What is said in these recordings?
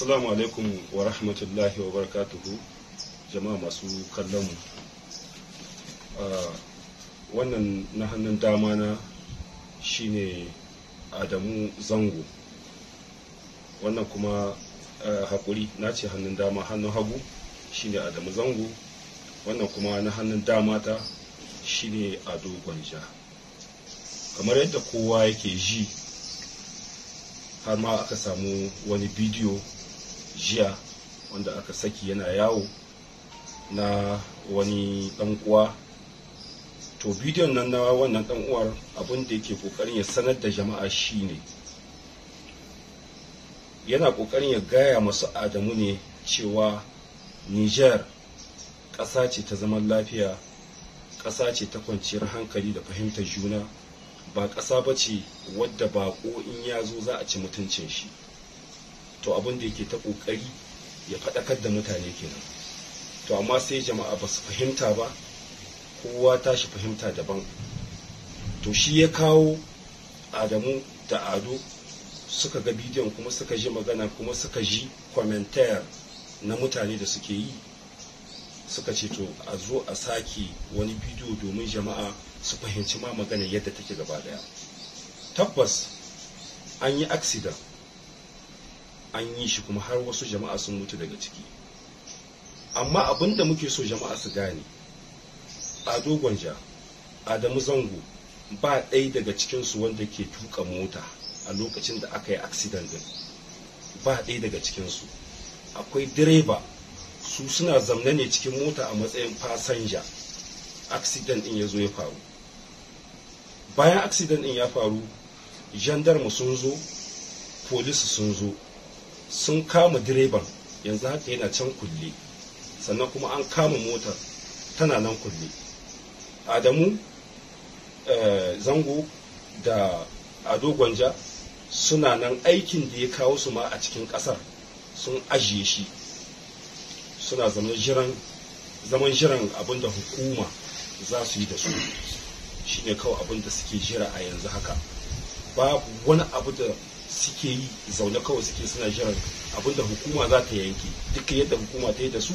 assalamu alaikum wa rahmatullahi wa barakatuhu jama'a masu kallon mu wannan na hannun dama na shine adamu zango wannan kuma hakuri na ce hannun dama hannun hagu shine adamu zango wannan kuma na hannun dama ta shine ado gwanja kamar yadda kowa yake ji har ma aka samu wani bidiyo jiya wanda aka saki yana yawo na wani dan uwa to bidiyon nan na wannan dan uwar abin da yake kokarin ya sanar da jama'a shine yana kokarin ya gaya masu adamu ne cewa niger ƙasa ce ta zaman lafiya ƙasa ce ta kwanciyar hankali da fahimtar juna ba ƙasa bace ce wadda baƙo in ya zo za a ci mutuncin shi to abin da yake ta kokari ya faɗakar da mutane kenan to amma sai jama'a ba su fahimta ba kowa tashi fahimta daban to shi ya kawo adamu da ado suka ga bidiyon kuma suka ji magana kuma suka ji kwamentayar na mutane da suke yi suka ce to a zo a sake wani bidiyo domin jama'a su fahimci ma magana yadda take gaba daya tabbas an yi accident an yi shi kuma har wasu jama'a sun mutu daga ciki amma abin da muke so jama'a su gane ado gwanja adamu zango ba ɗaya daga cikinsu wanda ke tuka mota a lokacin da aka yi aksidan din ba ɗaya daga cikinsu akwai direba su suna zamne ne cikin mota a matsayin fasanja aksidan din ya zo ya faru bayan aksidan din ya faru jandarma sun zo polisi sun zo sun kama direban yanzu haka yana can kulle sannan kuma an kama motar tana nan kulle adamu eh, zango da ado gwanja suna nan aikin da ya kawo su ma a cikin kasar sun ajiye shi suna zaman jiran abin da hukuma za su yi da su shine kawai abin da suke jira a yanzu haka babu wani abu da suke yi zaune kawai suke suna jiran abinda hukuma za ta yanke duk yadda hukuma ta yi da su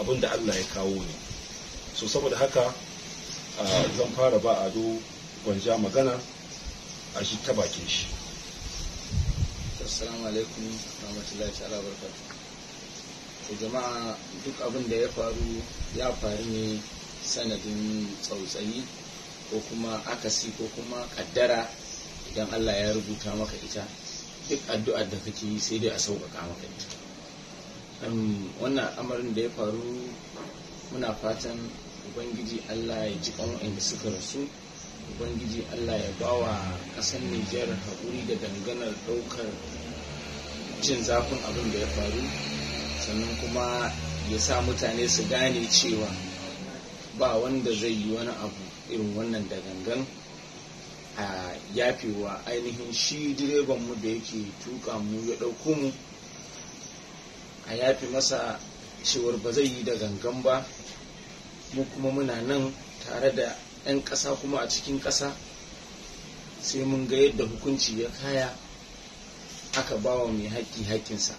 abinda Allah ya kawo ne so saboda haka zan fara ba ado gwanja magana a shi ta bakin shi assalamu alaikum rahmatullahi ta'ala barakatuh to jama'a duk abin da ya faru ya faru ne sanadin tsautsayi ko kuma akasi ko kuma kaddara idan Allah ya rubuta maka ita duk addu'ar da kake yi sai dai a sauƙaƙa maka ita wannan amarin da ya faru muna fatan ubangiji allah ya ji ƙan da suka rasu ubangiji allah ya ba wa ƙasar nijar haƙuri da danganar ɗaukar jin zafin abin da ya faru sannan kuma ya sa mutane su gane cewa ba wanda zai yi wani abu irin wannan da gangan a yafewa ainihin shi direban mu da yake tuka mu ya ɗauko mu a yafe masa cewar ba zai yi da gangan ba mu kuma muna nan tare da 'yan ƙasa kuma a cikin ƙasa sai mun ga yadda hukunci ya kaya aka bawa mai haƙƙi haƙƙinsa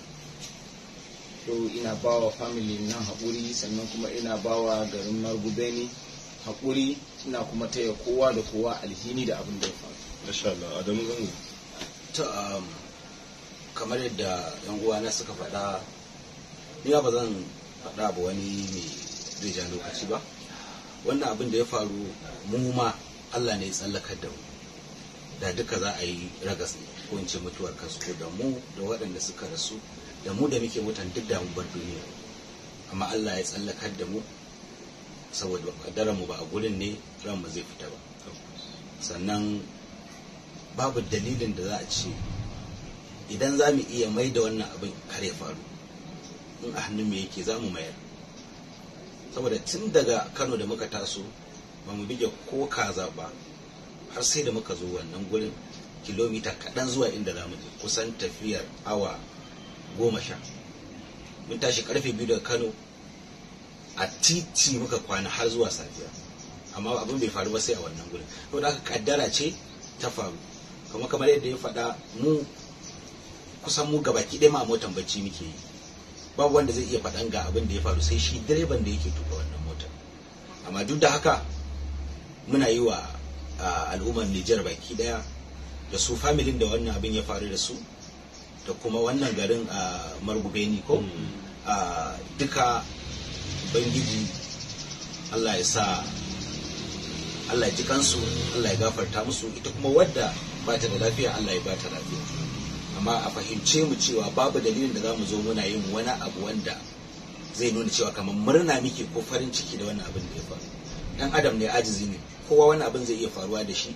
to ina bawa family nan haƙuri sannan kuma ina bawa garin margubeni hakuri suna kuma taya kowa da kowa alhini da abin da ya faru. Adamu zango. Ta um, kamar yadda yan uwana suka faɗa ni ba zan faɗa ba wani mai zai ja lokaci ba wannan abin da ya faru mu ma Allah ne ya tsallakar da mu da duka za a yi ragas ko in ce mutuwar kasko da mu da waɗanda suka rasu da mu da muke mutan duk da mu bar duniya amma Allah ya tsallakar da mu saboda kaddara mu ba a gurin ne ran ba zai fita ba sannan babu dalilin da za a ce idan za mu iya mai da wannan abin kar ya faru in a hannun mu yake za mu mayar saboda tun daga kano da muka taso ba mu bige ko kaza ba har sai da muka zo wannan gurin kilomita kaɗan zuwa inda za mu je kusan tafiyar awa goma sha mun tashi karfe biyu daga kano a titi muka kwana har zuwa safiya amma abin bai faru ba sai a wannan gurin to da kaddara ce ta faru kuma kamar yadda ya faɗa mu kusan mu gaba ɗaya ma motan bacci muke yi babu wanda zai iya faɗan ga abin da ya faru sai shi direban da yake tuka wannan motar amma duk da haka muna yi wa al'ummar Nijar baki daya da su familin da wannan abin ya faru da su da kuma wannan garin a margubeni ko mm. duka Bangiji allah ya sa allah ya ji kansu allah ya gafarta musu ita kuma wadda ba ta da lafiya allah ya ba ta lafiya amma a fahimce mu cewa babu dalilin da za mu zo muna yin wani abu wanda zai nuna cewa kamar murna muke ko farin ciki da wannan abin da ya faru dan adam ne ajizi ne kowa wani abin zai iya faruwa da shi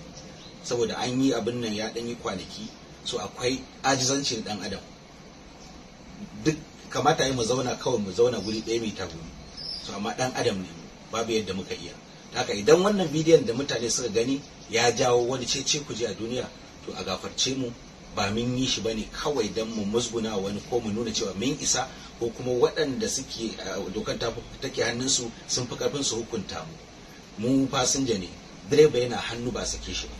saboda an yi abin nan ya dan yi kwanaki so akwai ajizancin dan adam duk kamata yi mu zauna kawai mu zauna guri ɗaya mai tagumi to amma dan adam ne babu yadda muka iya haka idan wannan bidiyon da mutane suka gani ya jawo wani cece kuje a duniya to a gafarce mu ba mun yi shi bane kawai dan mu musguna wani ko mu nuna cewa mun isa ko kuma waɗanda suke eh, dokan take hannunsu sun fi karfin su hukunta mu mu fasinja ne direba yana hannu ba sake shi ba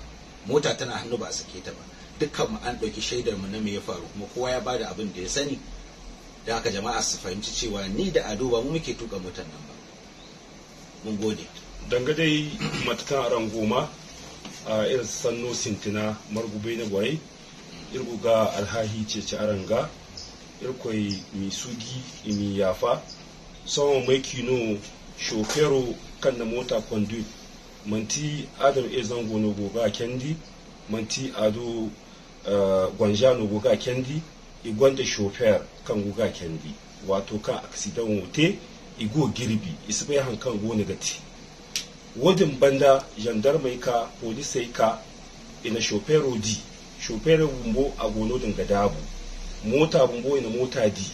mota tana hannu ba sake ta ba dukkan mu an ɗauki shaidar mu na me ya faru kuma kowa ya bada abin da ya sani da aka jama'a su fahimci cewa ni da ado ba mu muke tuka mutan nan ba mun gode dangane dai matatan aran goma a irin sanno sintina margube na gwai irgu ga alhahi ce ci aranga mi sugi imi yafa sama mai kino shofero kan na mota kwandu manti adam e zango no goga kendi manti ado uh, gwanjano goga kendi da shofer kan guga kendi wato kan aksidan wute igo girbi bai hankan go negati wadin banda gendarme ka polisai ka ina shofer di shofer bumbo a gono dabu mota bumbo ina mota di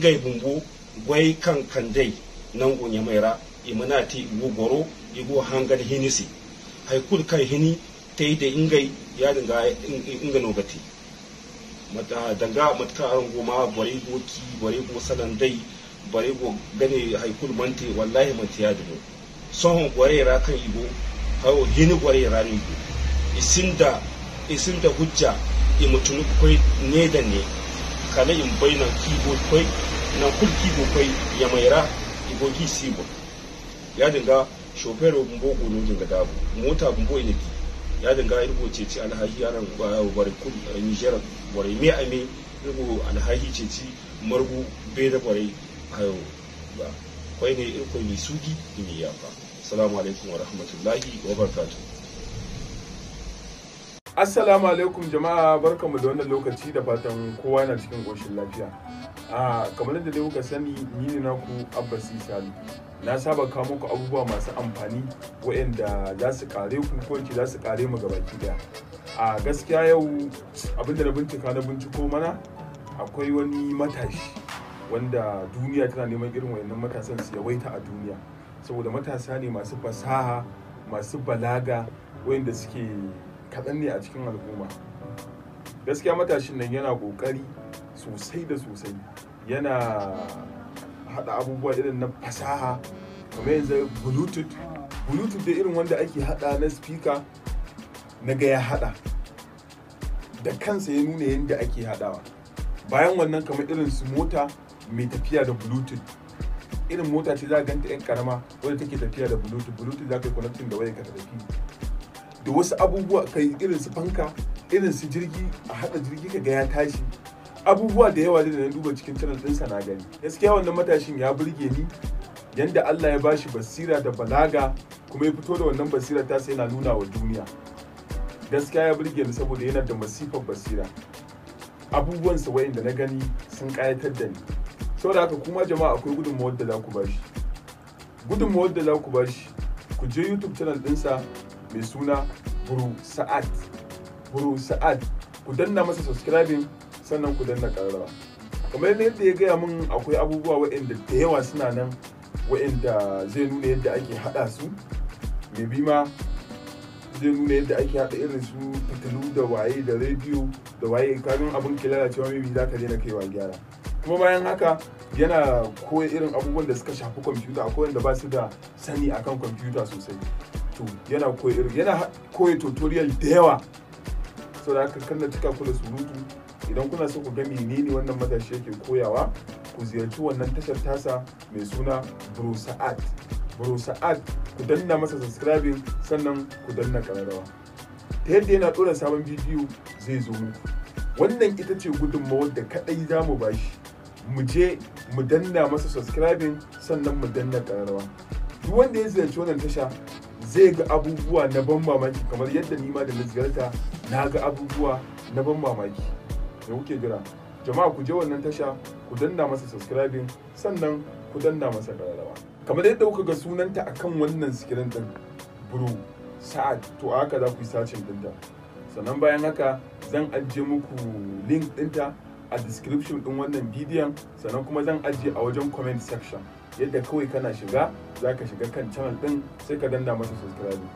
gai bumbo gwai kan kandai nan gonya maira imanati igo goro igo hangar hinisi haikul kai hini tai da ingai ya dinga inga nogati danga matka aran goma bare goki bare go sanan dai bare go gane haikul manti wallahi manti ya dubo sohon gware ra kan Igbo hawo hini gware ra ni isinda isinda hujja i mutunu koi ne da ne kala in baina kibo koi na kul kibo koi ya maira igbo ki sibo ya dinga shofero bumbo gono dinga dabu mota bumbo ne ki ya dinga irgo ce ci alhaji yaran wari kun eh, nijar wari me a me irgo alhaji ce ci margu bai da wari hayo ba kwai ne eh, irko ni sugi ni ya yafa. assalamu alaikum wa rahmatullahi wa barakatuh assalamu alaikum jama'a barkamu da wannan lokaci da fatan kowa na cikin goshin lafiya a kamar yadda dai kuka sani ni ne naku abbas isali na saba kawo muku abubuwa masu amfani waɗanda za su kare ku ko za su kare mu gaba daya a gaskiya yau abinda na bincika na binciko mana akwai wani matashi wanda duniya tana neman irin wayannan matasan su yawaita a duniya saboda matasa ne masu fasaha masu balaga wayanda suke kaɗan ne a cikin al'umma gaskiya matashin nan yana ƙoƙari sosai da sosai yana haɗa abubuwa irin na fasaha kamar yanzu bluetooth bluetooth da irin wanda ake haɗa na speaker na ga ya haɗa da kansa ya nuna yadda ake haɗawa bayan wannan kamar irin su mota mai tafiya da bluetooth irin mota ce za ganta yan karama wadda take tafiya da bluetooth bluetooth za ka yi connecting da wayar ka tafi da wasu abubuwa kai irin su fanka irin su jirgi a haɗa jirgi ka ga ya tashi abubuwa da yawa da na duba cikin channel ɗinsa na gani gaskiya wannan matashin ya burge ni yanda Allah ya bashi basira da balaga kuma ya fito da wannan basira ta sai na nuna wa duniya gaskiya ya burge ni saboda yana da masifar basira abubuwansa wa'inda na gani sun kayatar da ni saboda haka kuma jama'a akwai gudunmawar da za ku bashi gudunmawar da za ku bashi ku je youtube channel ɗinsa mai suna buru sa'ad buru sa'ad ku danna masa subscribing sannan ku danna karara kamar yadda ya gaya mun akwai abubuwa waɗanda da yawa suna nan waɗanda zai nuna yadda ake haɗa su mai ma zai nuna yadda ake haɗa irin su fitilu da waye da rediyo da waye kamin abin ke lalacewa mai za ka daina kaiwa gyara kuma bayan haka yana koya irin abubuwan da suka shafi kwamfuta akwai wanda ba su da sani akan kwamfuta sosai to yana koya irin yana koya tutorial da yawa saboda haka kan da cika kula surutu idan kuna so ku ga menene wannan matashi yake koyawa ku ziyarci wannan tashar tasa mai suna brosa'ad brosa'ad ku danna masa subscribing sannan ku danna kararrawa ta yadda yana ɗora sabon bidiyo zai zo muku wannan ita ce gudunmawar da kaɗai za mu shi mu je mu danna masa subscribing sannan mu danna kararrawa duk wanda ya ziyarci wannan tasha zai ga abubuwa na ban mamaki kamar yadda ni ma da na ziyarta na ga abubuwa na ban mamaki me kuke jira jama'a ku je wannan tasha ku danna masa subscribing sannan ku danna masa kararrawa kamar yadda kuka ga sunanta akan wannan sikirin din bro sa'ad to haka za ku yi sacin dinta sannan bayan haka zan ajiye muku link dinta a description din wannan bidiyon sannan kuma zan ajiye a wajen comment section yadda kawai kana shiga za ka shiga kan channel din sai ka danna masa subscribing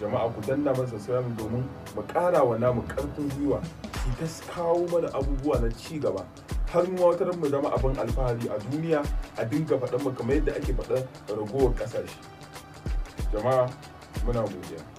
jama'a ku danna masa subscribe domin mu kara wa namu karfin gwiwa su ta kawo mana abubuwa na ci gaba har mu wata mu zama abin alfahari a duniya a dinga faɗan mu kamar yadda ake faɗa ragowar ƙasashe jama'a muna godiya